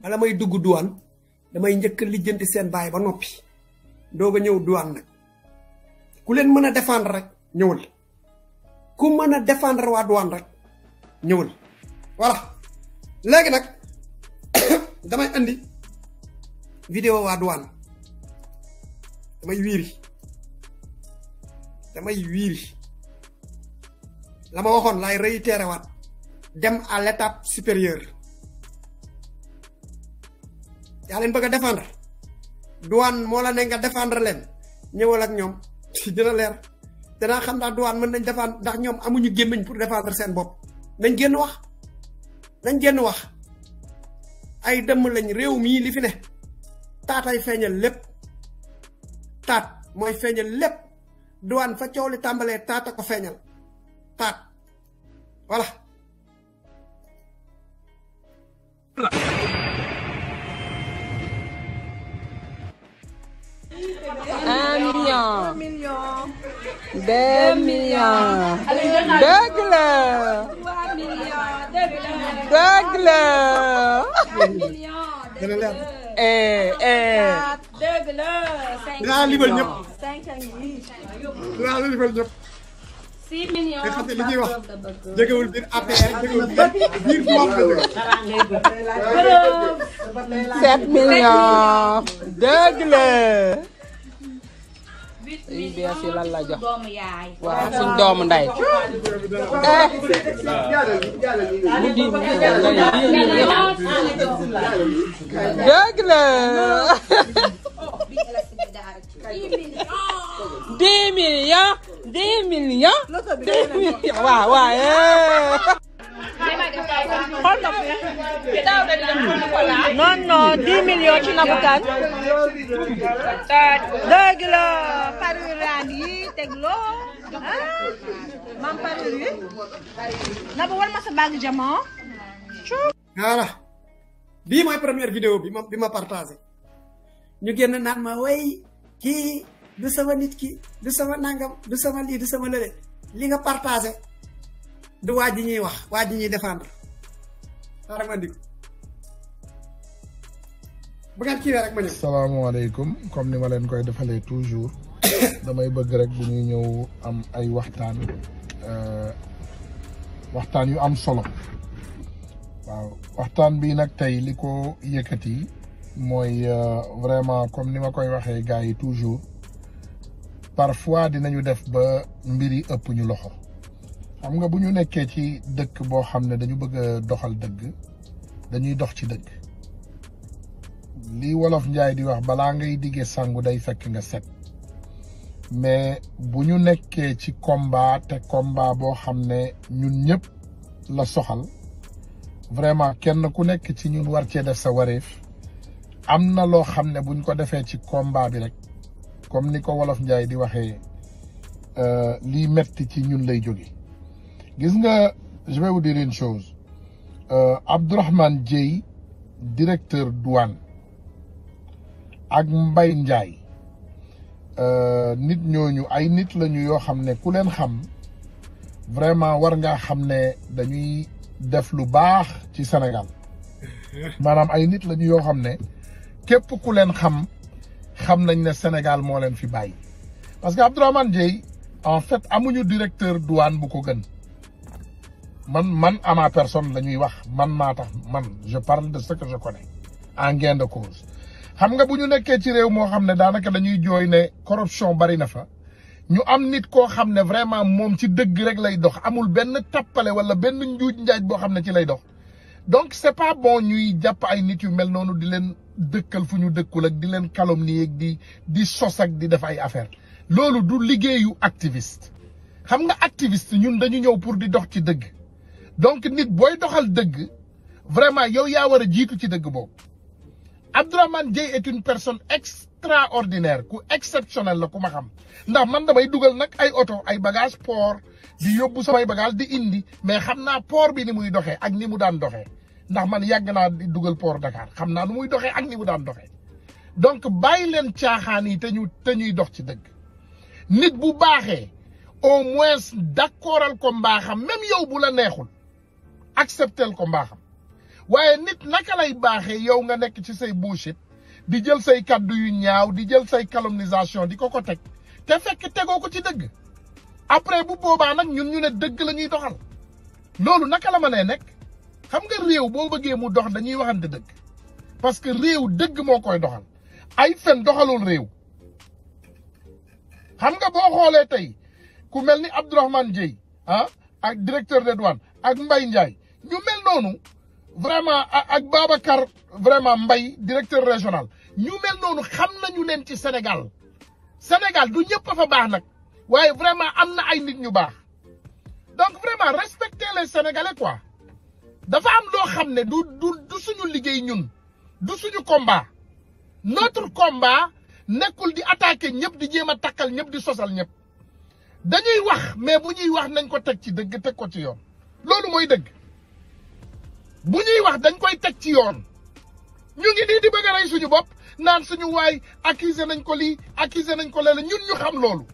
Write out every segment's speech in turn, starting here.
bala may dugg duwaan damay njëkk lijjanti seen baay ba noppi doog a ñëw duwaan nag ku leen mën a défendre rek ñëwul ku mën a défendre waa duwaan rek ñëwal voilà léegi nag damay indi vidéo waa duwaan damay wiiri damay wiiri la ma waxoon laay réitéré waat dem à l'étape superieur ya len bëgg défendre douane mo la ne nga défendre len ñëwal ak ñoom dina leer danaa xam da douane mën nañ défendre ndax ñom amuñu gémmiñ pour défendre seen bop nañ génn wax nañ génn wax ay dëmm lañ réew mi li fi né taatay lepp taat moy feeñal lepp douane fa ciowli tambalé taata ko feeñal taat voilà un million. deux millions. dëgg la. dëgg six millions nga xam ne li ñuy wax jógewul biir APR jógewul lan la jox waaw suñ nday dëgg la 10 millions 10 millions 10 non non 10 ci Nabou Kane dëgg la parulaan yi teg loo mam parur yi Nabou war ma sa baag jamono voilà bii mooy première vidéo bi ma bi ma partagé ñu génn naan ma way kii du sama nit ki du sama nangam du sama lii du sama lële li nga partage du waa ji ñuy wax waa ji ñuy defaan xaaral ma andi ko bu ngeen kiiwee rek comme ni ma leen koy defalee toujours damay bëgg rek bu ñuy ñëw am ay waxtaan euh, waxtaan yu am solo waaw waxtaan bii nag tey li ko yëkkati. mooy euh, vraiment comme ni ma koy waxee gars yi toujours parfois dinañu def ba mbir yi ëpp ñu loxo xam nga bu ñu nekkee ci dëkk boo xam ne dañu bëgg doxal dëgg dañuy dox ci dëkk lii wolof njaay di wax balaa ngay diggee sangu day fekk nga set mais bu ñu nekkee ci combat te combat boo xam ne ñun ñëpp la soxal vraiment kenn ku nekk ci ñun war cee def sa wareef am na loo xam ne buñ ko defee ci combat bi rek comme ni ko wolof njaay di waxee euh, lii metti ci ñun lay jóge gis nga je vais vous dire une chose euh, Abdourahmane Dieye directeur douane ak mbay njaay euh, nit ñooñu ay nit lañu yoo xam ne ku leen xam vraiment war ngaa xam ne dañuy def lu baax ci Sénégal maanaam ay nit lañu yoo xam ne képp ku leen xam xam nañ ne Sénégal moo leen fi parce que Abdourahmane en fait amuñu directeur douane bu ko man man à personne man man je parle de ce que je connais en gain de cause xam nga ci ne corruption bari na fa ñu am nit vraiment ci dëgg rek lay dox amul benn wala benn ci lay donc c'est pas bon ñuy nit yu mel di dëkkal fu ñu dëkkul ak di leen calomnie ak di di sos ak di def ay affaire loolu du liggéeyu activiste xam nga activiste ñun dañu ñëw pour di dox ci dëgg donc nit booy doxal dëgg vraiment yow yaa war a jiitu ci dëgg boobu Abdourahmane Dieye est une personne extraordinaire ku exceptionnel la ku ma xam ndax man damay dugal nag ay oto ay bagage port di yóbbu samay bagage di indi mais xam naa port bi ni muy doxee ak ni mu daan doxee ndax man yàgg naa di dugal port Dakar xam naa nu muy doxee ak ni mu daan doxee donc bàyyi leen caaxaan yi te ñu te ñuy dox ci dëgg nit bu baaxee au moins d'accordal ko mbaaxam même yow bu la neexul acceptel ko mbaaxam waaye nit naka lay baaxee yow nga nekk ci say bouchit di jël say kaddu yu ñaaw di jël say calomnisation di ko ko teg te fekk tegoo ko ci dëgg après bu boobaa nag ñun ñu ne dëgg la ñuy doxal loolu naka la mënee nekk. xam nga réew boo bëggee mu dox dañuy waxante dëgg parce que réew dëgg moo koy doxal ay fen doxalul réew xam nga boo xoolee tey ku mel ni Abdourahmane Dieye ah ak directeur des douanes ak mbay Ndiaye ñu mel noonu vraiment ak Babacar vraiment mbay directeur régional ñu mel noonu xam nañu leen ci Sénégal Sénégal du ñëpp a fa baax nag waaye vraiment am na ay nit ñu baax donc vraiment respecter les Sénégalais quoi dafa am loo xam ne du du suñu liggéey ñun du suñu combat notre combat nekkul di attaquer ñëpp di jéem a takkal ñëpp di sosal ñëpp dañuy wax mais bu ñuy wax nañ ko teg ci dëgg teg ko ci yoon loolu mooy dëgg bu ñuy wax dañ koy teg ci yoon ñu ngi nii di bëgg a suñu bopp naan suñu waay accuser nañ ko lii accuser nañ ko léeg ñun ñu xam loolu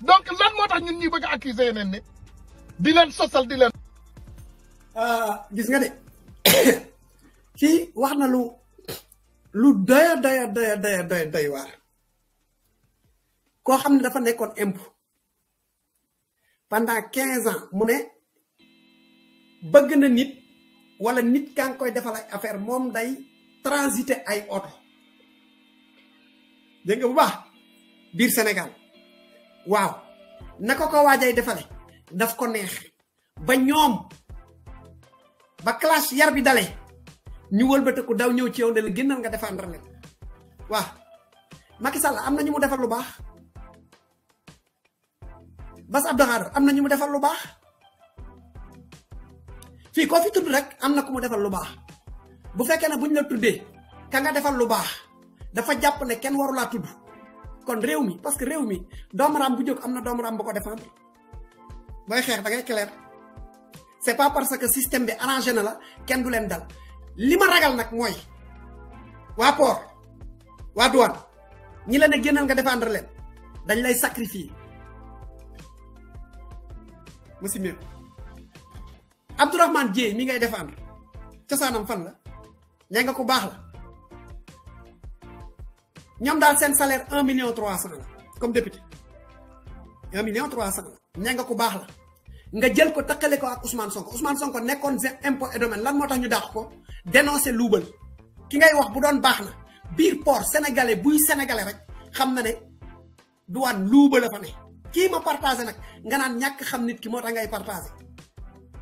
donc lan moo tax ñun ñuy bëgg a yeneen nit di leen sosal di leen. Ah, gis nga de kii wax na lu lu doya doya doya doya doya doy waar koo xam ne dafa nekkoon impôt pendant quinze ans mu ne bëgg na nit wala nit kaa ngi koy defal ay affaire moom day transiter ay oto dégg nga bu baax biir Sénégal waaw naka ko waajay defale daf ko neex ba ñoom ba classe yar bi dalé ñu ku daw ñew ci yow dañu gënal nga défendre len wa Macky Sall amna na ñu mu defal lu baax Bass Abdou amna ñu mu defal lu baax fi ko fi tudd rek amna ku mu defal lu baax bu fekkee na buñ la tuddé ka nga defal lu baax dafa né ken waru la tudd kon réew mi parce que réew mi ram bu jog amna dom ram bu ko défendre xex da ngay clair c'est pas parce que système bi arrangé na la kenn du len dal lima ragal nak moy wa por wa douane ñi la ne gënal nga défendre len dañ lay sacrifier monsieur Mio Abdourahmane Dieye mi ngay défendre sanam fan la ñay nga ko bax la ñom dal sen salaire un million 300 la comme député un million 300 la nga ko bax la nga jël ko takalé ko ak Ousmane Sonko Ousmane Sonko zé impôt et domaine lan motax ñu dàq ko dénoncer loubal ki ngay wax bu doon baax na biir port sénégalais buy sénégalais rek xam na ne duwaan luuba la fa ne ki ma partager nak nga nan ñak xam nit ki moo tax ngay partager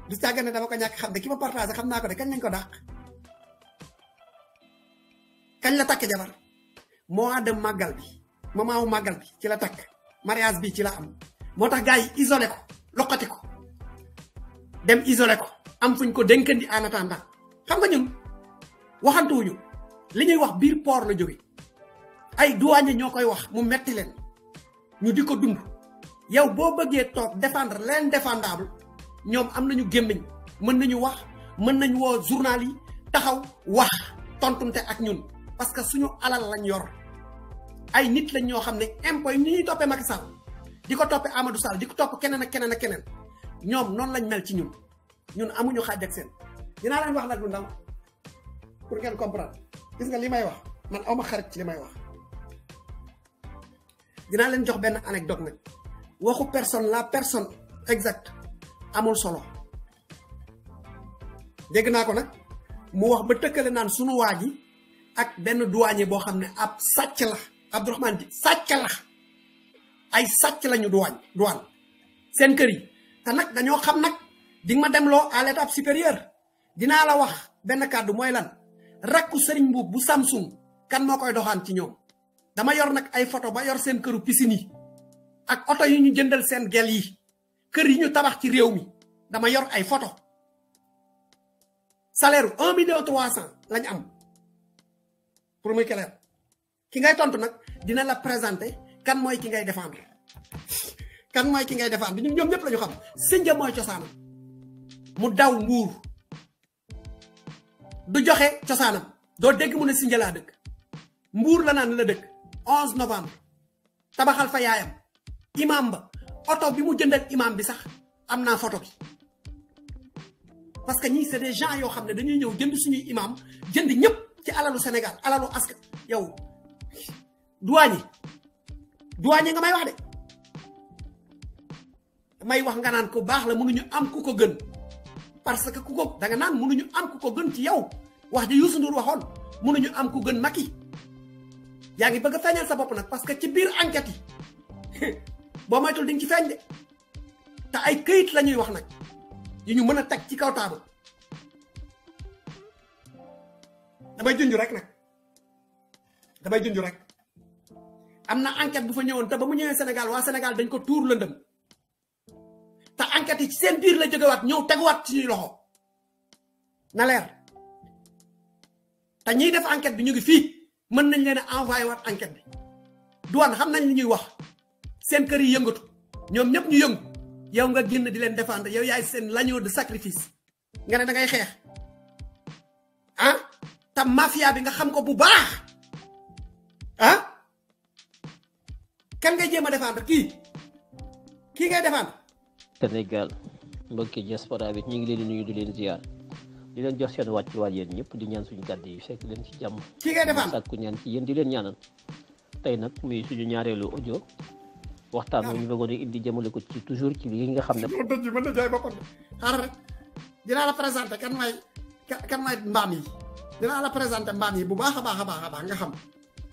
du tagga né dama ko ñak xam de ki ma partager xam na ko de kan lañ ko dàq kan la takk jabar mo de magal bi moment magal bi ci la takk mariage bi ci la am motax gaay ko lokati ko dem isolé ko am fuñ ko denkandi en attendant xam nga ñun waxantu wuñu li ñuy wax biir port la jóge ay douane ñoo koy wax mu metti leen ñu di ko dund yow boo bëggee toog défendre leen défendable ñoom am nañu gémmiñ mën nañu wax mën nañ woo journal yi taxaw wax tontunte ak ñun parce que suñu alal lañ yor ay nit lañ ñoo xam ne impôt yi ni ñuy toppee Macky Sall di ko toppee Amadou Sall di ko topp ak keneen ak keneen ñom non lañ mel ci ñun ñun amuñu xajj ak seen dina lañ wax nak lu ndam pour ngeen comprendre gis nga limay wax man awma xarit ci wax dina leen jox Ben anecdote nak waxu personne la personne exact amul solo deg na ko nak mu wax ba nan sunu waji, ak ben douanier bo xamne ab satch la abdourahmane di la ay satch lañu douane douane sen keur te nak dañu xam nak di dem lo à l'étape supérieure dina la wax ben kàddu moy lan rakku serigne mbou bu samsung kan mo koy doxan ci ñom dama yor nak ay photo ba yor sen keuru piscine ak auto yi ñu jëndal sen gel yi keur yi ñu tabax ci réew mi dama yor ay photo salaire 1 million 300 lañ am pour muy clair ki ngay tontu nak dina la présenter kan moy ki ngay défendre kan mooy ki ngay defaan bi ñun ñoom ñëpp la ñu xam Sinja mooy cosaanam mu daw nguur du joxe cosaanam doo dégg mu ne Sinja laa dëkk mbuur la naan la dëkk 11 novembre tabaxal fa yaayam imam ba oto bi mu jëndal imam bi sax am naa photo bi parce que ñii c'est des yoo xam ne dañuy ñëw jënd suñuy imam jënd ñëpp ci alalu Sénégal alalu askan yow duwaañi duwaañi nga may wax de may wax nga naan ko baax la munuñu am ku ko gën parce que ku ko da nga naan munuñu am ku ko gën ci yow wax ji yusu ndur waxoon munuñu am ku gën maki yaa ngi bëgg a feeñal sa bopp nag parce que ci biir enquête yi boo maytul di nga ci feeñ de te ay këyit la ñuy wax nag yi ñu mën a teg ci kaw taabal damay junj rek nag damay junj rek am na enquête bu fa ñëwoon te ba mu ñëwee Sénégal waa Sénégal dañ ko tuur lëndëm alkat yi ci seen biir la jógewaat ñëw teguwaat ci loxo na leer te ñiy def enquête bi ñu ngi fii mën nañ leen a envoyé waat enquête bi douane xam nañ li ñuy wax seen kër yi yëngatu ñoom ñëpp ñu yëngu yow nga génn di leen défendre yow yaay seen l'agneau de sacrifice nga dangay xeex ah te mafia bi nga xam ko bu baax ah kan ngay jéem a défendre kii kii ngay défendre Senegal mbokki diaspora bi ñi ngi leen nuyu di leen ziar di leen jox seen wàccuwaay yéen ñëpp di ñaan suñu gàdd yu fekk leen ci jàmm ki ngay defal sàkku ñaan ci yéen di leen ñaanal tey nag muy suñu ñaareelu audio waxtaan ñu bëggoon a indi jëmale ko ci toujours ci li nga xam ne mo dëj mën na jaay boppam xaaral rek dinaa la présenté kan may kan may mbaam yi dinaa la présenté mbaam yi bu baax a baax a baax a baax nga xam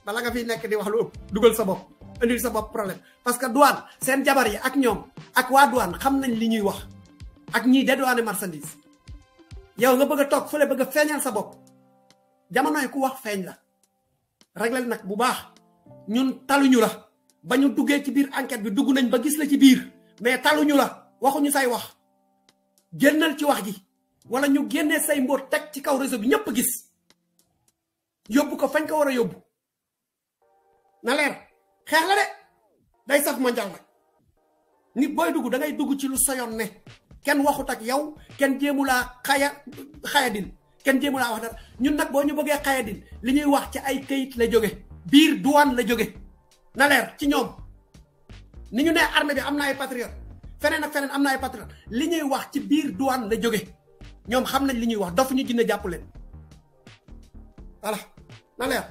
bala nga fiy nekk di wax lu ëpp dugal sa bopp andil sa bop problème parce que douane sen jabar yi ak ñom ak wa douane xam nañ li ñuy wax ak dé douane marchandise yow nga bëgg a fele bëgg feñal sa bop jamono yi ku wax feñ la reglel nak bu baax ñun taluñu la bañu duggé ci biir enquête bi duggu nañ ba gis la ci biir mais taluñu la ñu say wax gennal ci wax ji wala ñu genné say mbot tek ci kaw réseau bi ñëpp gis yobbu ko fañ ko wara yobbu na leer xeex la de day saf mondial nag nit booy dugg dangay dugg ci lu soyoon ne kenn waxut ak yow kenn jéemu laa xaya xayadin kenn jéemu laa wax dara ñun nag boo ñu bëggee xayadin li ñuy wax ci ay kayit la jóge biir duwaan la jóge na ci ñoom ni ñu ne armée bi am na ay patriote feneen ak feneen am na ay patriote li ñuy wax ci biir douane la jóge ñoom xam nañ li ñuy wax dof ñu jinne jàpp leen voilà na leer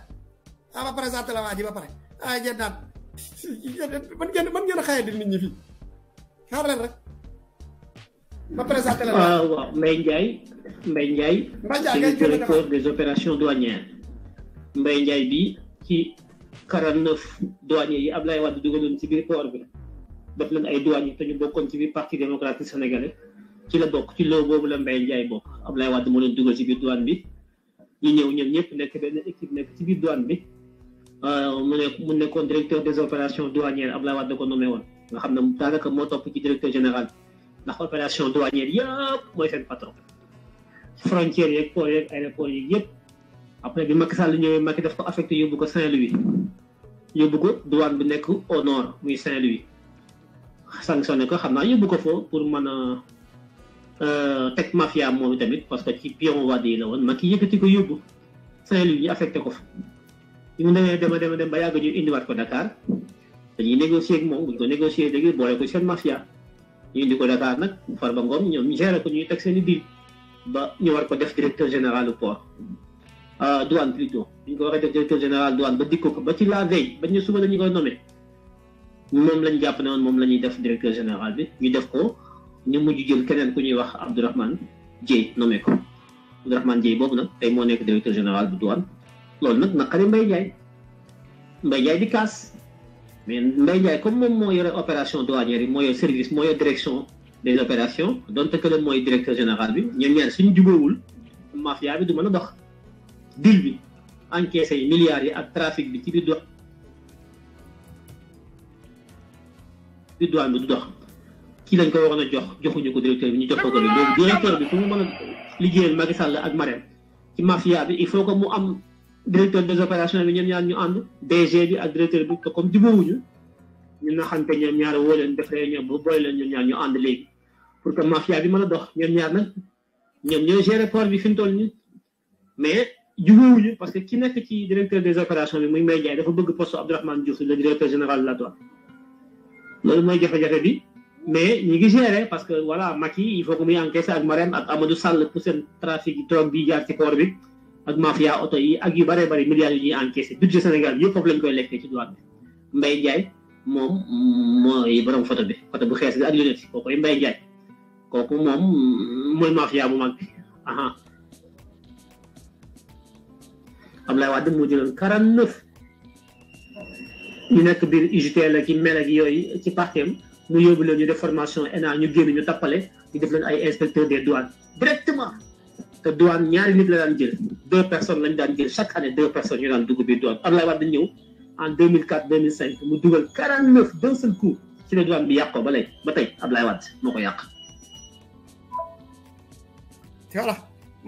ah ma présenté ba pare ah jaddaat man ngeen man ngeen xaye di nit ñi fi xaar leen rek ma présenté leen ah, waaw waaw Mbaye Ndiaye Mbaye Ndiaye c'est le directeur des opérations douanières Mbaye Ndiaye bi ci 49 douaniers yi Ablaye Wade dugaloon ci biir port bi daf leen ay douaniers te ñu bokkoon ci biir parti démocratique sénégalais ci la bokk ci loo boobu la Mbaye Ndiaye bokk Ablaye Wade moo leen dugal ci biir douane bi ñu ñëw ñoom ñëpp nekk benn équipe nekk ci biir douane bi Euh, mu ne mu nekkoon directeur des opérations douanières Abdoulaye Wade da ko nommé woon nga xam ne daanaka moo topp ci directeur général ndax opération douanière yëpp mooy seen patron frontières yeeg port yeeg aéroport yeeg yëpp après bi Macky Sall ñëwee Macky def ko affecté yóbbu ko Saint-Louis yóbbu ko douane bi nekk au nord muy Saint-Louis sanctionné ko xam naa yóbbu ko foofu pour mën a euh, teg mafia moom tamit parce que ci pion Wade yi la woon Macky yëkkati ko yóbbu Saint-Louis ñu ko fa Imune dama ada dem ba yàgg ñu indiwaat ko Dakar dañuy négocier ak moom buñ ko négocier dëgg boole ko seen mafia ñu indi ko Dakar nag Farba Ngom ñoom ñu géré ko ñuy teg seen i ba ñu war ko def directeur général port ah douane plutôt ñu ko waxee def directeur général douane ba dikko ko ku ñuy wax Abdourahmane Dieye nommé ko loolu nag naqari Mbaye Ndiaye Mbaye Ndiaye di kaas mais Mbaye Ndiaye comme moom moo yore opération douanière yi moo yore service moo yore direction des opérations donte que le mooy directeur général bi ñoom ñaar suñu jubóowul mafia bi du mën a dox dil bi encaissé yi milliards yi ak trafic bi ci bi dox bi douane bi du dox kii lañ ko waroon a jox joxuñu ko directeur bi ñu jox ko ko directeur bi fu mu mën a liggéeyal Macky ak Marème ci mafia bi il faut que mu am directeur des opérations bi ñoom ñaar ñu ànd DG bi ak directeur bi comme jubóowuñu ñu naxante ñoom ñaar woo leen def réunion ba boole leen ñoom ñaar ñu ànd léegi pour que mafia bi mën a dox ñoom ñaar nag ñoom ñooy gérer port bi fi mu toll nii mais jubóowuñu parce que ki nekk ci directeur des opérations bi muy Mbaye Ndiaye dafa bëgg poste Abdourahmane Diouf le directeur général la douane loolu mooy jafe-jafe bi mais ñi ngi gérer parce que voilà Macky il faut que muy encaisser ak Marème ak Amadou Sall pour seen trafic bi jaar ci port bi. ak mafia oto yi ak yu bëree bëri milliards yu ñuy encaissé budget Sénégal yëpp foofu koy lekkee ci douane bi Mbaye Ndiaye moom mooy borom photo bi photo bu xees bi ak lunette kooku ay Mbaye kooku moom mooy mafia bu mag bi aha Abdoulaye Wade moo jëloon quarante neuf ñu nekk biir UJTL ak mel yooyu ci partem mu yóbbu leen ñu def formation ENA ñu génn ñu tappale ñu def leen ay inspecteur des douanes directement te douane ñaari nit la daan jël deux personnes lañu daan jël chaque année deux personnes ñu daan dugg biir douane Abdoulaye Wade ñëw en 2004 2005 mu dugal 49 d'un seul coup ci la bi yàq ko ba léegi ba tey Abdoulaye Wade moo ko yàq. voilà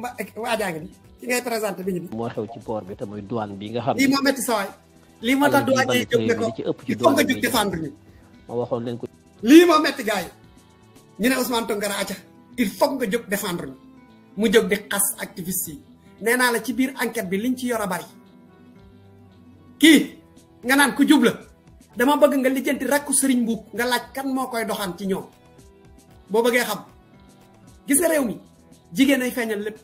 ma waa jaa ngi ki ngay bi ñu bi moo xew ci port bi te muy douane bi xam ne lii moo métti sawaay lii moo tax douane ci ëpp ci douane bi jóg défendre ñu ma waxoon leen ko lii moo métti gars yi ñu ne Ousmane Tounkara acca il faut nga jóg défendre ñu mu jog di xas activiste yi nee la ci biir enquête bi liñ ci yor bari ki nga nan ku dama bëgg nga lijeenti rakku serigne mbuub nga laaj kan mo koy doxan ci ñoom bo bëggee xam gis nga réew mi jigéen ay feñal lépp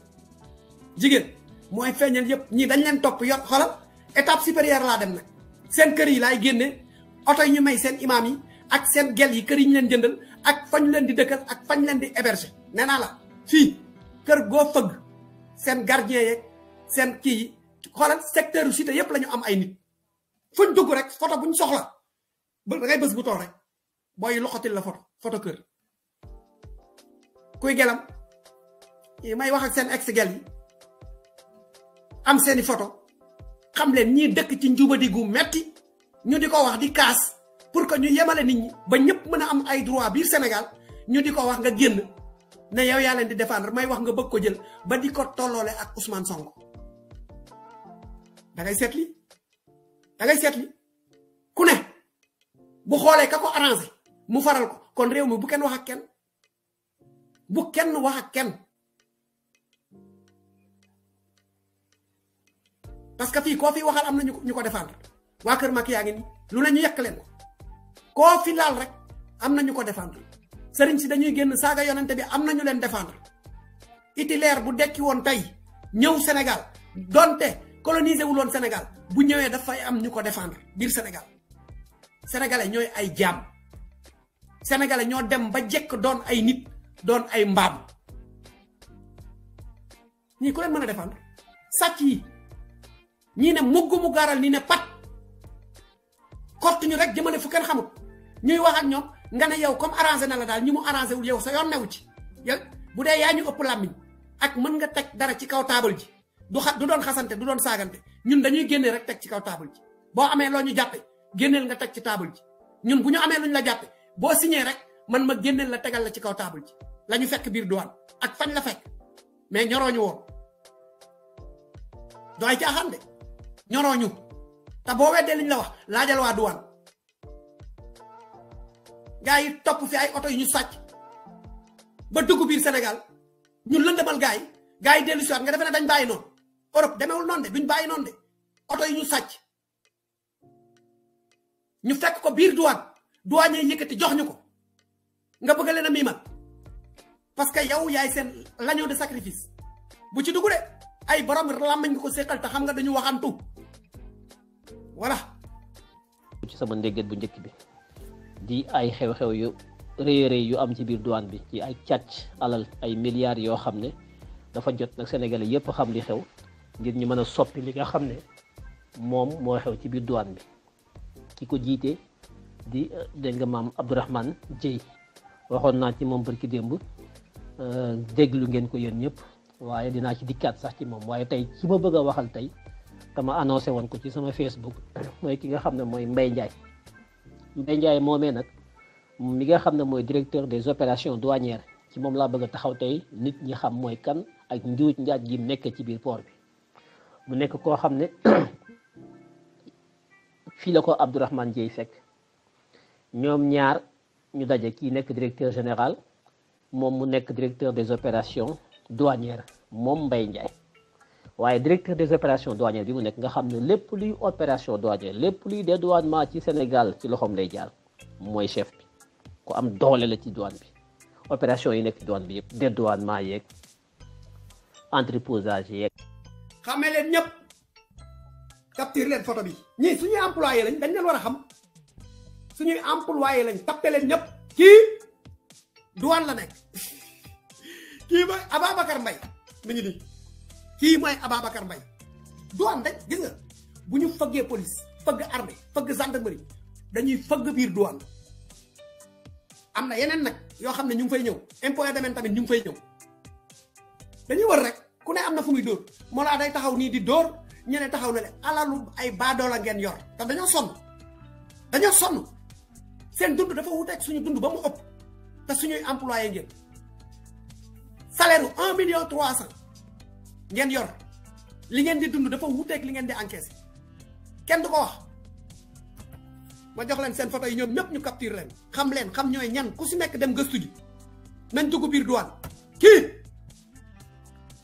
jigéen mooy feñal yépp ñi dañ leen topp yor xolal étape supérieure sen dem nag seen kër yi lay génne oto ñu may seen imam yi ak seen gel yi kër yi ñu leen jëndal ak fañ leen di dëkkal ak fañ leen di héberger nee naa la fii kër go fëgg seen gardien yek seen kii yi xoolal secteur yu cité yépp lañu am ay nit fuñ dugg rek photo buñ soxla ba ngay bës bu rek booy loxatil la photo photo kër kuy gelam may wax ak seen ex gel yi am seeni photo xam leen ñii dëkk ci di gu metti ñu di ko wax di kaas pour que ñu yemale nit ñi ba ñëpp mën a am ay droit biir Sénégal ñu di ko wax nga génn ne yow ya len di défendre may wax nga bëgg ko jël ba di ko tolloole ak Ousmane Sonko da ngay sétli da ngay sétli ku ne bu xolé kako arranger mu faral ko kon réew mi bu kenn wax ak kenn bu kenn wax ak kenn parce que fi ko fi waxal am nañu ñuko défendre wa kër lu lañu len ko fi laal rek am nañu ko défendre Sering si dañuy genn saga yonente bi amna ñu leen défendre itilaire bu dekki won tay ñew sénégal donte coloniser wul woon sénégal bu da fay am ñuko ko défendre bir sénégal sénégalais ñoy ay jaam sénégalais ño dem ba jekk doon ay nit doon ay mbam. ñi ko leen mëna défendre sàcc yi ñii ne mu garal nii ne pat kott ñu rek jëmele fu kenn xamul ñuy wax ak ñom nga ne yow comme arrangé na la daal ñi mu arrangé wul yow sa yoon newu ci yow bu dee yaa ñu ëpp làmmiñ ak mën nga teg dara ci kaw taabal ji du xa du doon xasante du doon saagante ñun dañuy génnee rek teg ci kaw taabal boo amee loo ñu jàppe génneel nga teg ci taabal ji ñun bu ñu amee lu ñu la jàppe boo signé rek man ma génneel la tegal la ci kaw taabal ji la ñu fekk biir douane ak fañ la fekk mais ñorooñu woon doy caaxaan de ñorooñu te boo weddee liñ la wax laajal waa douane gaa yi topp fi ay oto yu ñu sàcc ba dugg biir Sénégal ñu lëndamal gaa yi gaa yi dellu si nga defe ne dañ bàyyi noonu Europe demeewul noonu de duñ bàyyi noonu de oto yu ñu sàcc ñu fekk ko biir douane douane yi yëkkati jox ñu ko nga bëgg leen a miimal parce que yow yaay seen l'agneau de sacrifice bu ci dugg de ay borom làmmañ nga ko séqal te xam nga dañu waxantu voilà. ci sama ndégget bu njëkk bi. di ay xew-xew yu rëy rëy yu am ci biir douane bi ci ay càcc alal ay milliards yoo xam ne dafa jot nag Sénégalais yëpp xam li xew ngir ñu mën a soppi li nga xam ne moom moo xew ci biir douane bi ki ko jiite di dégg nga maam Abdourahmane Dieye waxoon naa ci moom barki démb euh, déglu ngeen ko yéen ñëpp waaye dinaa ci dikkaat sax ci moom waaye tey ci ma bëgg a waxal tey dama annoncé woon ko ci sama Facebook mooy ki nga xam ne mooy Mbaye Ndiaye Mbaye Ndiaye moomee nag mi nga xam ne mooy directeur des opérations douanières ci moom laa bëgg a taxaw tey nit ñi xam mooy kan ak njuuj njaaj gi nekk ci biir port bi mu nekk koo xam ne fii la ko Abdourahmane Dieye fekk ñoom ñaar ñu daje kii nekk directeur général moom mu nekk directeur des opérations douanières moom Mbaye Ndiaye waaye directeur des opérations douanières bi mu nekk nga xam ne lépp luy opération douanière lépp luy dédouanement ci Sénégal ci loxoom lay jaar mooy chef bi ku am doole la ci douane bi opération yi nekk ci douane bi yëpp dédouanement yeeg entreposage yeeg. xamee leen ñëpp capture leen photo bi ñii suñuy employé lañ dañ leen war a xam suñuy employé lañ tapte leen ñëpp kii douane la nekk kii ba Ababacar Mbaye mi ngi nii. ki moy ababakar mbay do am rek gis nga bu ñu police fëgg armée fëgg gendarmerie dañuy fëgg bir douane amna yenen nak yo xamne ñu ngi fay ñew impôt et domaine tamit ñu fay ñew dañuy war rek ku ne amna fu muy door mo la day taxaw ni di door ñene taxaw na le alalu ay la ngeen yor ta dañu son dañu son sen dund dafa wuteeg suñu dund ba mu upp ta suñu employé ngeen salaire 1 million 300 ngeen yor li ngeen di dund dafa ak li ngeen di encaisser kenn du ko wax ma jox leen seen photo yi ñoom ñep ñu capture leen xam leen xam ñoy ñan ku ci nek dem gëstu ji nañ dugg bir douane ki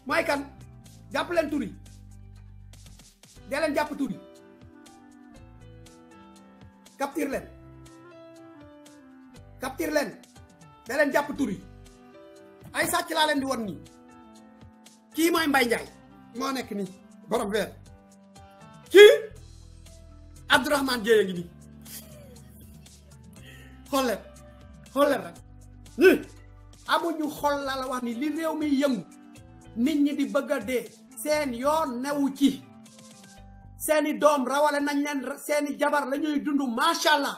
moy kan japp leen tour yi de leen japp tour yi capture leen capture leen de leen japp tour yi ay sacc la leen di won ni ki moy mbay ndjay mo nek ni borom ver ki abdourahman jéeya ngi ni xolle xolle xool leen rek ñii amuñu xol la la wax ni li rew mi yëm nit ñi di bëgg a seen yoon newu ci seeni doom rawale nañ leen seeni jabar la ñuy dund machallah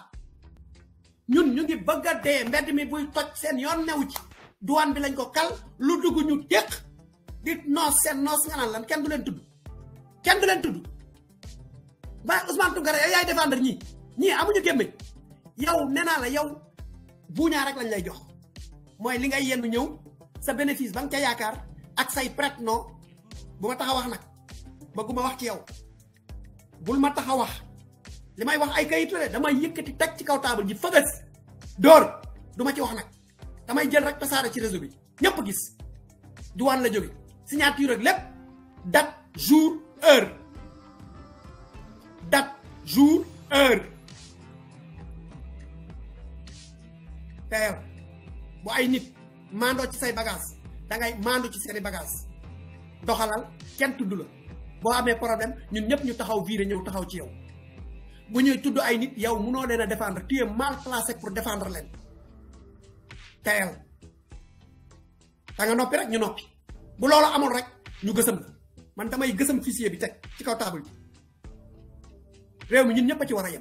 ñun ñu ngi bëgg a dee mbedd mi buy toj seen yoon newu ci duwan bi lañ ko kal lu dugg ñu téq di nos sen nos nga nan lan kenn du len tuddu kenn du len tuddu ba Ousmane Tounkara ya, ya, ya, yow yaay défendre ñi ñii amuñu gemme yow nee la yow buña rek lañ lay jox moy li ngay yenn ñew sa bénéfice bang ca yaakaar ak say prêt no bu ma tax wax nag bëgguma wax ci yow bul ma taxaw wax limay wax ay kayit la dama yëkëti teg ci kaw table ji fëgës door duma ci wax nak damay jël rek passara ci réseau bi ñëpp gis duwan la jogi signature ak lépp date jour heure date jour heure teyal bu ay nit mando ci say bagage da ngay mando ci seeni bagage doxalal kenn tuddu la bo amé problème ñun ñep ñu taxaw viré ñeu taxaw ci yow bu ñuy tuddu ay nit yow mëno leena défendre tu es mal placé pour défendre leen teyal da nga nopi rek ñu nopi bu lolo amul rek ñu gëssam man damay gëssam fichier bi tek ci kaw table bi mi ñun ñepp ci wara a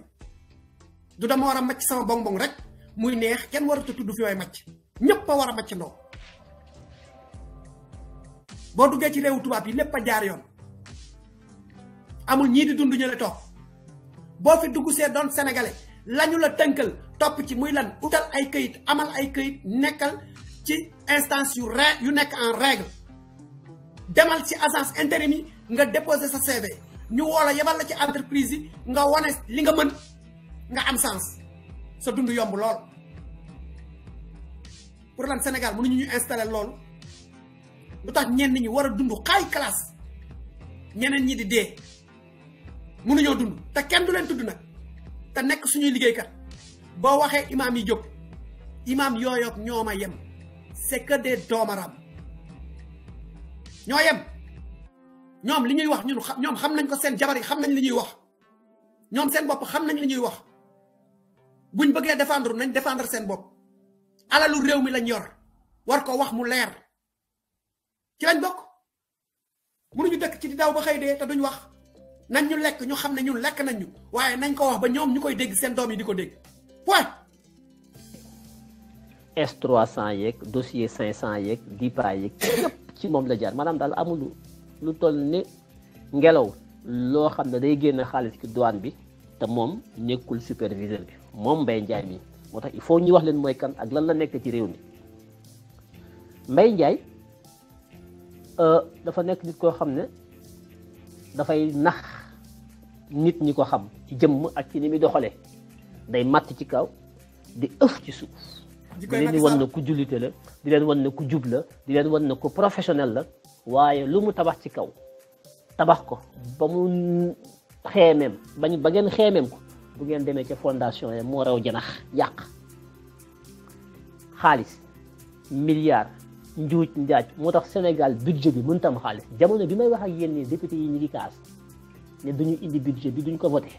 du dama wara macc sama bong bong rek muy neex kenn waratu tuddu fi way macc ñepp a macc ndo bo duggé ci rew tuba bi lepp jaar yoon amul ñi di dund ñële toog bo fi dugg sé doon sénégalais lañu la teunkel top ci muy lan utal ay keuyit amal ay keuyit nekkal ci instance yu yu nekk en règle demal ci agence intérim nga déposer sa CV ñu wola yebal la ci entreprise nga wane li nga mën nga am sens sa dund yomb lool pour lan Sénégal mënu ñu installer lool bu tax ñen ñi wara dund xay classe ñeneen ñi di mënu ñoo dund te kenn du leen tudd nag nek suñu liggéey kat bo waxé imam yi jop imam yoyok ñoma yem c'est que des domaram ñoyam ñom li ñuy wax ñun ñom xam nañ ko seen jabar yi xam nañ li ñuy wax ñom seen bop xam nañ li ñuy wax buñ bëggee défendre nañ défendre seen bopp alalu réew mi lañ yor war ko wax mu leer ci lañ bokk mënuñu dëkk ci di daw ba xey dee te duñ wax nañ ñu lekk ñu xam ne ñun lekk nañ ñu waaye nañ ko wax ba ñoom ñu koy dégg seen doom yi di ko dégg point S300 yek, dossier 500 yek, DIPA yeeg yëpp ci moom la jaar maanaam daal amul lu toll ne ngelaw loo xam ne day génn xaalis ci douane bi te moom nekkul superviseur bi moom Mbaye Ndiaye mi moo tax il faut ñu wax leen mooy kan ak lan la nekk ci réew mi Mbaye Ndiaye dafa nekk nit koo xam ne dafay nax nit ñi ko xam ci jëmm ak ci ni muy doxalee day matt ci kaw di ëf ci suuf di leen wan na ku jullite la di leen wan na ku jub la di leen wan na ku professionnel la waaye lu mu tabax ci kaw tabax ko ba mu xeemeem bañ ba ngeen xeemeem ko bu ngeen demee ca fondation yi moo raw janax yàq xaalis milliards njuuj njaaj moo tax Sénégal budget bi mënut am xaalis jamono bi may wax ak yéen ni député yi ñu ngi kaas ne duñu indi budget bi duñ ko voté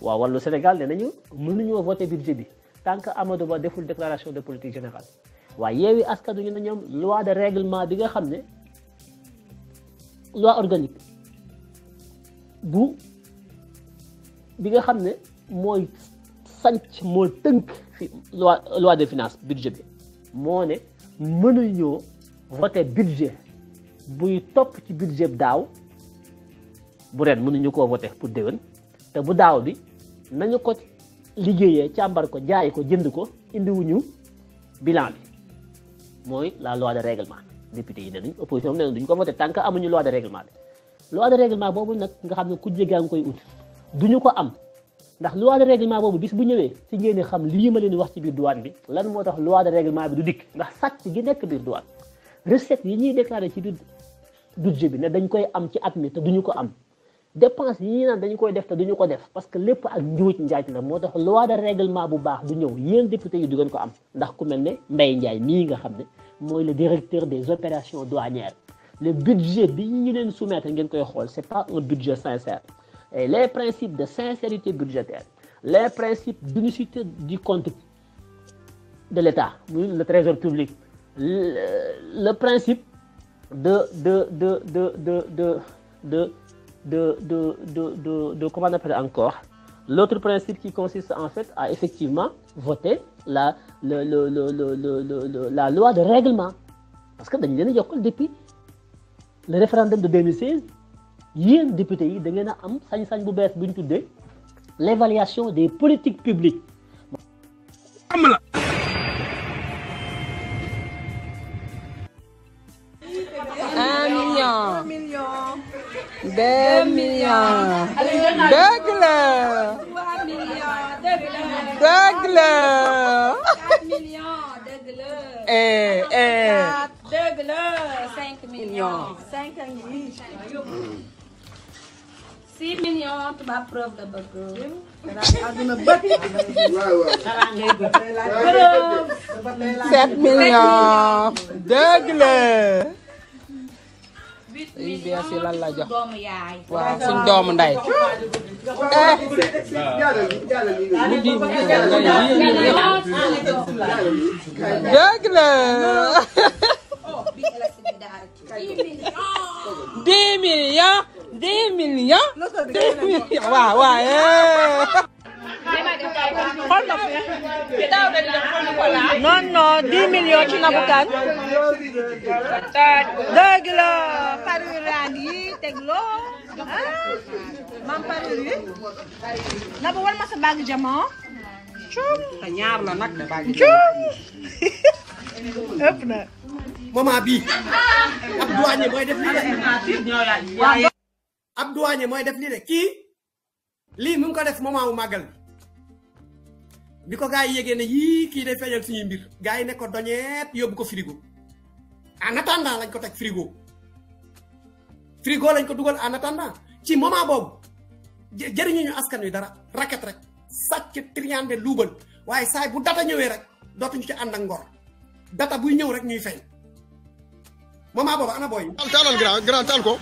waaw wàllu Sénégal ne nañu mënuñoo voté budget bi tant que Amadou Ba deful déclaration de politique générale waaye yeewi askan wi ñu ne ñoom loi de règlement bi nga xam ne loi organique bu bi nga xam ne mooy sanc moo tënk fi loi de finance budget bi moo ne mënuñoo voté budget buy topp ci budget daaw bu ren mënuñu koo voté pour déwén te bu daaw bi nañu ko liggéeyee càmbar ko jaay ko jënd ko indiwuñu bilan bi mooy la loi de règlement député yi ne nañ opposition bi ne duñ ko voté tant que amuñu loi de règlement bi. loi de règlement boobu nag nga xam ne ku jéggaa nga koy ut duñu ko am ndax loi de règlement boobu bis bu ñëwee ci ngeen xam lii ma leen wax ci biir duwaan bi lan moo tax loi de règlement bi du dikk ndax sàcc gi nekk biir douane recette yi ñuy déclaré ci biir budget bi ne dañ koy am ci at mi te duñu ko am. dépense naan dañu koy def duñu parce que ak la loi de règlement bu baax député ne le directeur des opérations douanières le budget bi soumettre ngeen c'est pas un budget sincère et les principes de sincérité budgétaire les principes d'unicité du compte de l'État le trésor public le, principe de de de, de, de, de comment on appelle encore, L'autre principe qui consiste en fait à effectivement voter la, la loi de règlement. Parce que depuis le référendum de 2016 il y a am sañ-sañ bu l'évaluation des politiques publiques. deux millions dëgg la dëgg la eh eh dëgg la cinq millions cinq millions six millions tubaab preuve la bëgg. àdduna bët. sept millions dëgg la. yu bees yi lan la jox waaw doomu nday eh guddi dëgg la dix millions dix millions Koloknya. Kita udah di depan sekolah. No no, di million Cina bukan? Deglo, parurani, teglo. Mam paruri. Number one masa jamo. Cum. Tanyar lo nak dah bagi. Cum. Apa nak? Mama abi. Abduanya boleh definir. Abduanya boleh de. Ki, li mungkin ada semua mau magal biko gaay yegé né yi ki day feñal suñu mbir gaay né ko doñet yob ko frigo en attendant lañ ko tek frigo frigo lañ ko duggal en attendant ci moment bobu jeriñu ñu askan wi dara raket rek sacc triandé loubal waye say bu data ñëwé rek dootuñu ci and ak ngor data bu ñëw rek ñuy fay moment bobu ana boy talal grand grand tal ko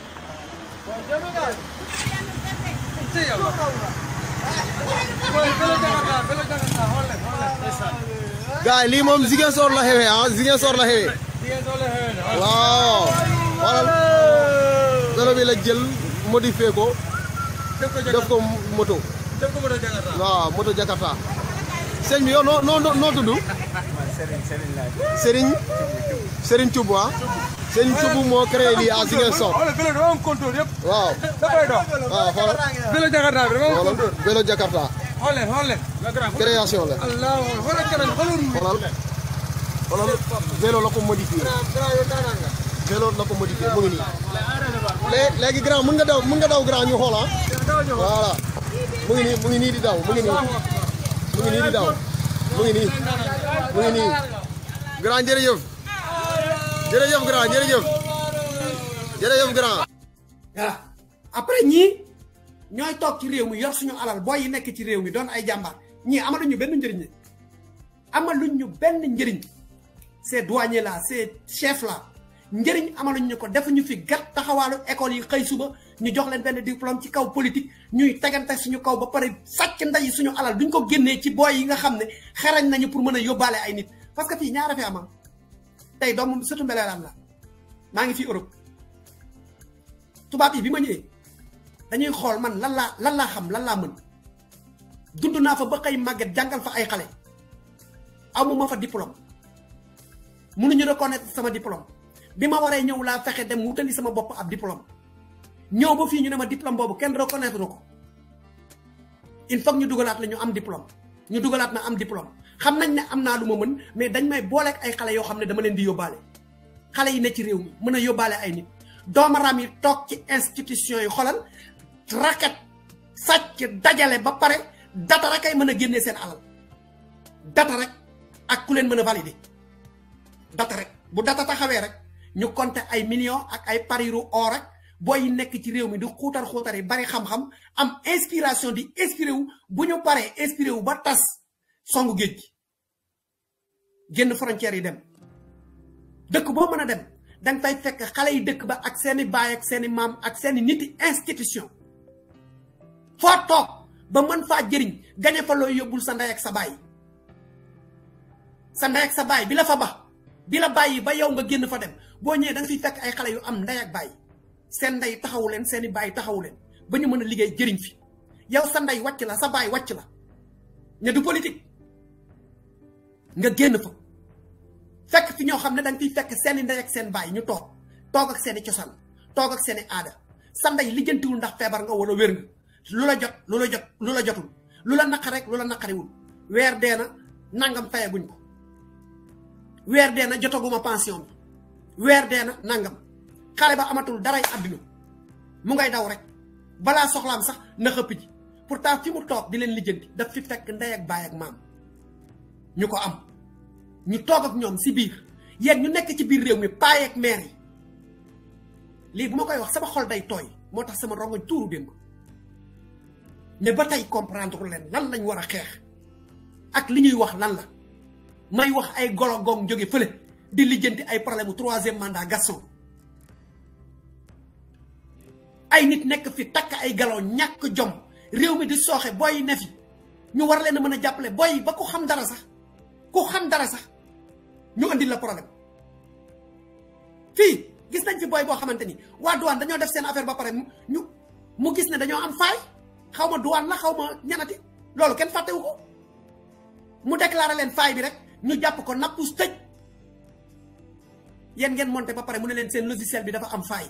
gaay lii moom Ziguinchor la xewee ah Ziguinchor la xewee waaw xoolal la jël modifié def ko moto waaw moto Jakarta sëñ bi yow noo noo noo tudd. Serigne Serigne Touba ah. Serigne Touba moo créé lii à Ziguinchor. waaw. waaw xoolal. vélo Jakarta bi dama am contour. vélo Jakarta. xoolal xoolal. création la. xoolal. xoolal la ko modifié. vélo la ko modifié mu ngi nii. léegi grand mën nga nga daw grand ñu xool ah. voilà mu ngi nii mu ngi nii di daw mu ngi nii. mu ngi nii di daw mu ngi nii mu ngi nii grand jërëjëf jërëjëf grand jërëjëf jërëjëf grand. voilà après ñii ñooy toog ci réew mi yor suñu alal booy yi nekk ci réew mi doon ay jàmbaar ñii amaluñu benn njëriñ ñu benn njëriñ ces douaniers là ces chef là njëriñ amaluñ amaluñu ko defuñu fi gat taxawaalu école yi xëy suba. ñu jox leen ben diplôme ci kaw politique ñuy tégante suñu kaw ba paré sàcc nday suñu alal duñ ko génné ci boy yi nga xamné xarañ nañu pour mëna a ay nit parce que fi ñaara fi am tay doom sëtu mbélélam la ma ngi fi europe tuba bi bima ñëw dañuy xol man lan la lan la xam lan la mën dund naa fa ba xëy màgget jangal fa ay xalé amuma fa diplôme ñu reconnaître sama diplôme bima waré ñëw la fexé dem wutali sama bop ab diplôme ñëw ba fii ñu ne ma diplôme boobu kenn reconnaître ko il faut ñu dugalaat la ñu am diplôme ñu dugalaat ma am diplôme xam nañ ne am naa lu ma mën mais dañ may booleek ay xale yoo xam ne dama leen di yóbbaale xale yi ne ci réew mi mën a yóbbaale ay nit doomaraam yi toog ci institution yi xolal raket sàcc dajale ba pare data rek ay mën a génnee seen alal data rek ak ku leen mën a valider data rek bu data taxawee rek ñu compter ay millions ak ay pariru or rek boy yi nekk ci réew mi di xuutar xuutar bari xam-xam am inspiration di inspirer wu pare paré inspirer wu ba tass songu geej gi frontière yi dem dekk bo meuna dem dang fay fekk xalé yi dekk ba ak seeni baay ak seeni mam ak seeni niti institution fo tok ba man faa jeriñ gañe fa loy yobul sa ndey ak sa baay sa ak sa baay bi la fa ba bi la ba yow nga genn fa dem bo ñëwee dang fi fekk ay xalé yu am nday ak bàyyi sendai ndey taxaw len seeni bay taxaw len bañu mëna liggéey jëriñ fi yow sa nday wacc la sa bay wacc la ne du politique nga genn fa fekk fi ño xamne ne da fekk seeni nday ak sen bay ñu tok tok ak seeni cosaan tok ak aada sa nday ndax febar nga wala nga lu jot lu jot lu jotul lu nak rek lu la naqariwul wër dee na nangam fayaguñ ko wër dee na jotaguma pension wër nangam xale ba amatul daray àddina mu ngay daw rek bala soxlam sax na xëpp ji pourtant fi mu tok di len lijeenti daf fi fekk ndey ak bay ak mam ñuko am ñu tok ak ñom ci biir yeen ñu nekk ci biir rew mi pay ak mère li bu makoy wax sama xol day toy motax sama rongoñ touru dem ne ba tey comprendre len lan lañ wara xex ak li ñuy wax lan la may wax ay gong joge fele di lijeenti ay problème 3e mandat Gaston ay nit nek fi tak ay galon ñak jom rew mi di soxé boy ne fi ñu war leen mëna jappalé boy ba ko xam dara sax ko xam dara sax ñu andi la problème fi gis nañ fi boy bo xamanteni wa douane dañu def seen affaire ba paré ñu mu gis ne dañu am fay xawma douane la xawma ñanati lolu ken faté wuko mu déclarer leen fay bi rek ñu japp ko nappus tëj yéen ngeen monté ba paré mu ne leen seen logiciel bi dafa am fay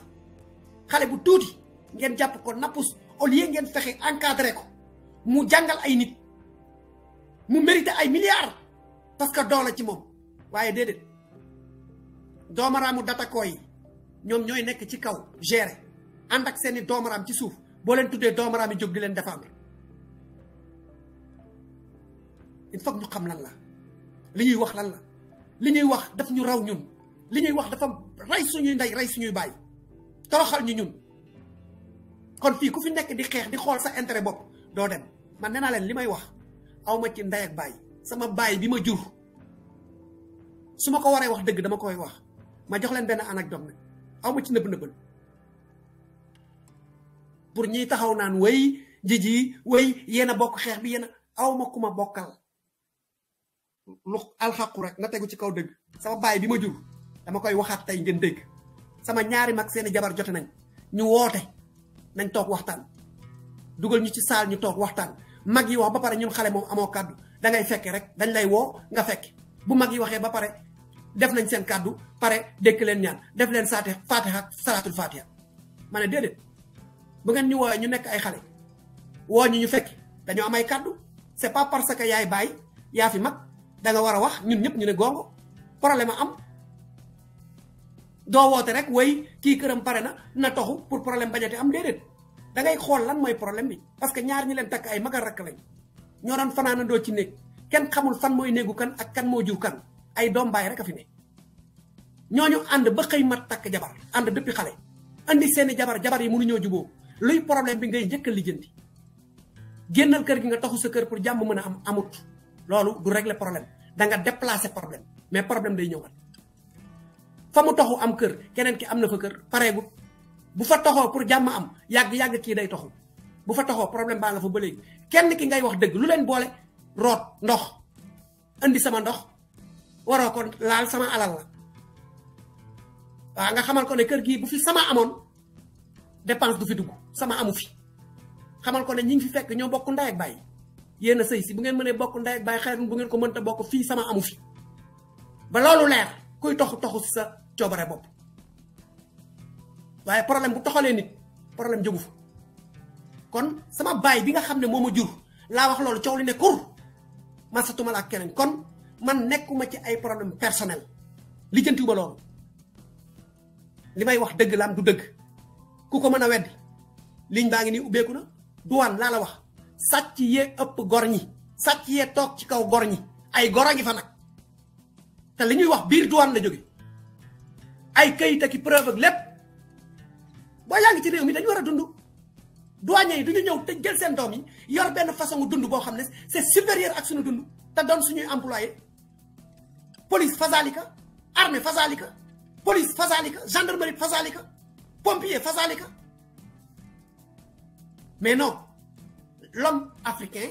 xalé bu touti ngeen jàpp ko nappus au yi ngeen fexe encadré ko mu jàngal ay nit mu mérité ay milliards parce que doole ci moom waaye déedéet doomaraamu datakoo yi ñoom ñooy nekk ci kaw gérer ànd ak seeni doomaraam ci suuf boo leen tuddee doomaraam yi jóg di leen défendre il faut xam lan la li ñuy wax lan la li ñuy wax daf ñu raw ñun li ñuy wax dafa rey suñuy ndey rey suñuy bàyyi toroxal ñu ñun kon fi ku fi nek di xex di xol sa intérêt bop do dem man nee len limay wax awma ci nday ak bay sama bay bima jur suma ko waree wax deug dama koy wax ma jox len ben anecdote nag aw ma ci neub neubal pour ñi taxaw naan way jiji way yena bok xex bi yena awma kuma bokal bokkal lu rek na tegu ci kaw deug sama bay bima jur dama koy waxat tay ngeen deug sama ñaari mak seen jabar jote nañ ñu wote nañ tok waxtan dugal ñu ci saal ñu tok waxtan mag yi wax ba pare ñun xalé moom amo kaddu da ngay fekk rek dañ lay wo nga fekk bu mag yi ba pare def nañ seen kaddu pare dekk leen ñaan def leen saate fatiha salatul fatiha mané ne bu ngeen ñu woy ñu nekk ay xalé wo ñu ñu fekk dañu am ay kaddu c'est pas parce que yaay bay ya fi mag da nga wara wax ñun ñep ñu ne gongo problème am do wote rek way ki keureum paré na na toxu pour problème bañati am dedet da ngay xol lan moy problème bi parce que ñaar ñi leen tak ay magal rakk lañ ñoo fanana do ci nek ken xamul fan moy negu kan ak kan mo jur kan ay dom bay rek fi ne ñooñu and ba xey mat tak jabar and depuis xalé andi seen jabar jabar yi ñoo jubo luy problème bi ngay jëkkal a lijjanti génnal kër gi nga taxu sa kër pour jamm mëna am amut lolu du régler problème da nga déplacer problème mais problème day ñëwal fa mu taxu am kër keneen ki am na fa kër pareegut bu fa taxoo pour jàmm am yàgg yàgg kii day taxu bu fa taxoo problème baa nga fa ba léegi kenn ki ngay wax dëgg lu leen boole root ndox andi sama ndox waroo ko laal sama alal la waaw nga xamal ko ne kër gii bu fi sama amoon dépense du fi dugg sama amu fi xamal ko ne ñi ngi fi fekk ñoo bokk ndey ak bàyyi yéen a sëy si bu ngeen mënee bokk ndey ak bàyyi xeer bu ngeen ko mënta bokk fii sama amu fi ba loolu leer kuy toxu toxu sa coobare bop waye problème bu taxalé nit problème jógu kon sama bay bi nga xamné ne moo ma jur laa wax loolu ciow li ne kur man satuma la kenen kon man nekuma ci ay problème personnel lijjantiwuma ba li limay wax dëgg laam du deug ku meuna wedd liñ baangi ni nii ubbeeku na duwaan laa la wax sàcc ye ëpp gorñi ñi ye tok ci kaw gorñi ay gorangi fa nak te liñuy wax biir duwaan la jóge ay kayit ak i preuve ak lépp boo yaa ngi ci réew mi dañu war a dund douanier yi du ñu ñëw te jël seen doom yi yor benn façon dund boo xam ne c'est supérieur ak suñu dund te doon suñuy employé police fasalika armée fasalika police fasalika gendarmerie fasalika pompier fasalika mais non l'homme africain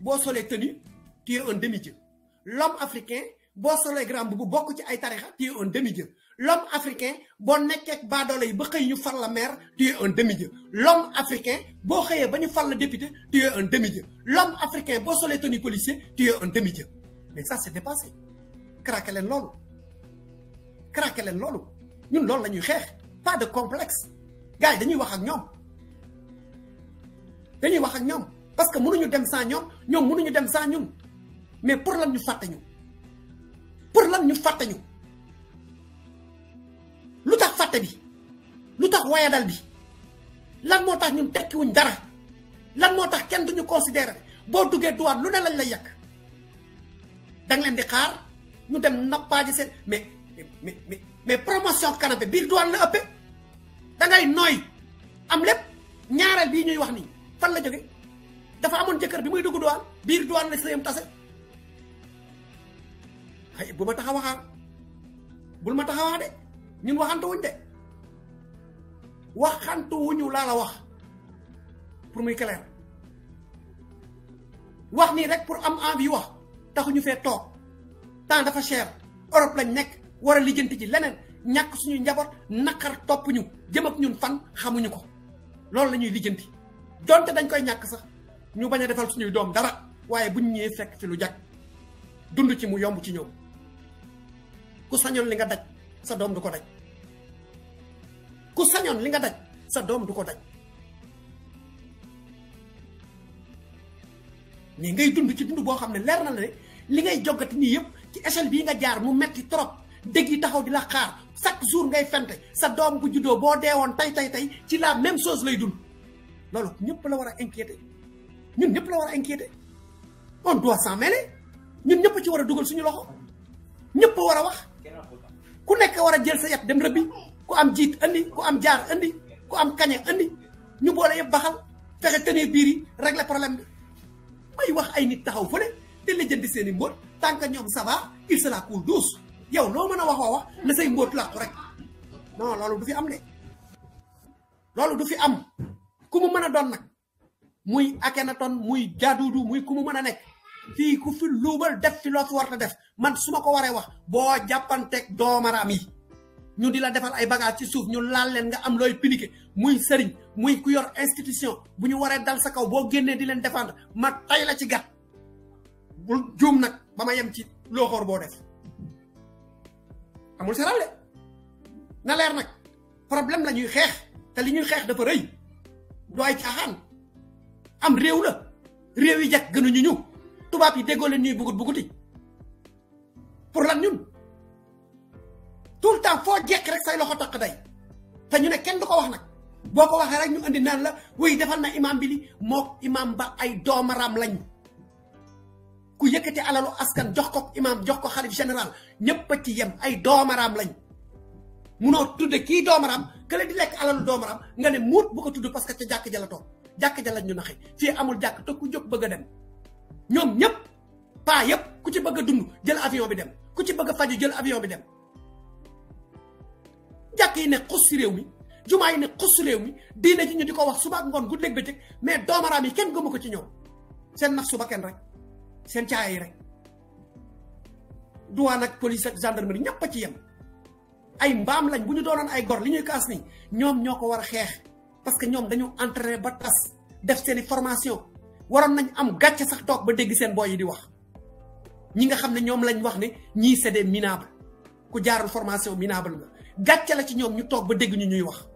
boo solee tenue tu es un demi-dieu africain boo solee grand bu bokk ci ay tarixa tu es un l'homme africain si nekek ak la mer, tu es un demi-dieu l'homme africain si xëyee ba ñu député tu es un demi-dieu l'homme africain bon policier tu es un demi-dieu mais ça c'est dépassé craqué le loolu craqué Nous Nous là. pas de complexe gars nous dañuy wax nous. parce que nous dem sans nous ñoom nous mais pour nous, nous ñu pour nous, nous fàtte ñu lutax tax bi lutax tax wayadal bi lan motax tax tekki wuñ dara lan motax kenn duñu considérer bo duggé duwaat lu ne lañ lay yàq dang leen di xaar ñu dem nappaaji seen mais mais mais mais promotion canapé biir duwaat la uppé da ngay noy am lepp ñaaral bi ñuy wax ni fan la joggé dafa amon jëkër bi muy dugg duwaan biir la tassé ay bu ma bul ma de ñun waxantu wuñ de waxantu wuñu la la wax pour muy clair wax ni rek pour am envie wax ñu fee tok temps dafa cher europe lañ nek wara lijeenti ci ji leneen ñàkk suñu njabot nakar top ñu jëm ak ñun fan xamuñu ko loolu lañuy lijeenti donte dañ koy ñak sax ñu baña defal suñu doom dara waye buñ ñëwee fekk ci lu jag dund ci mu yomb ci ñoom ku sañol li nga daj sa dom du ko daj ku sañon li nga daj sa dom du ko daj ni ngay dund ci dund bo xamne leer na la li ngay jogati ni yëpp ci échelle bi nga jaar mu metti trop dëgg yi taxaw di la xaar chaque jour ngay fente sa dom bu juddoo bo deewon tay tay tay ci la même chose lay dund lolu ñepp la wara inquiéter ñun ñepp la wara inquiéter on doit s'en mêler ñun ñepp ci wara duggal suñu loxo ñepp wara wax ku nek wara jël sa yat dem rebi ku am jiit andi ku am jaar andi ku am kañe andi ñu boole yeb ya baxal fexé tenir biir yi régler problème bi may wax ay nit taxaw fele té la jënd seen mbot mbóot ñom ça va il se la coule douce yow lo mëna wax wax na say mbóot làqu rek non lolu du fi am de lolu du fi am Kumu mëna don nak doon nag muy Akhenaton muy jadudu muy kumu mëna nek fii ku fi luubal def ci lo war na def man suma ko waré wax boo jàppanteeg doomaraam yi ñu di la defal ay bagage ci suuf ñu laal leen nga am loy piniqué muy sëriñ muy ku yor institution bu ñu waré dal sa kaw bo génné di leen défendre ma tay la ci gat bu joom nak bama ma yem ci xor bo def amul seral na leer nak problème lañuy xex té li ñuy dafa reuy du ay caaxaan am réew la réew yi gënu ñu ñu tubaab yi déggoo leen ñuy bugut buguti pour lan ñun tout le temps foo jekk rek say loxo takk day te ñu ne kenn du ko wax nag boo ko waxee rek ñu andi naan la wuy defal na imam bi li mook imam ba ay doomaram lañ ku yëkkati alalu askan jox ko imam jox ko xalif général ñëpp ci yem ay doomaram lañ munoo tudde kii doomaram kële di lekk alalu doomaram nga ne muut bu ko tudd parce que ca jàkk ja la toog jàkk ja lañ ñu naxe fii amul jàkk te ku jóg bëgg a dem ñom ñep pa yep ku ci bëgg bedem, dund jël avion bi dem ku ci bëgg faju jël avion bi dem jakk yi ne xus réew mi juma yi ne xus réew mi diine ji ñu di wax suba ngon ngoon gu dégg bëccëg mais doomaraam yi kenn gëmu ko ci ñom sen nax suba kenn rek sen caaya rek douane nak police ak gendarmerie ñep ci yam ay mbam lañ buñu ay gor liñuy kaas ni ñom ñoko wara war parce que ñom dañu entraîné ba tass def seni formation waroon nañ am gàcce sax toog ba dégg seen boy yi di wax ñi nga xam ne ñoom lañ wax ne ñii c'est des minables ku jaarul formation minable nga gàcce la ci ñoom ñu toog ba dégg ñu ñuy wax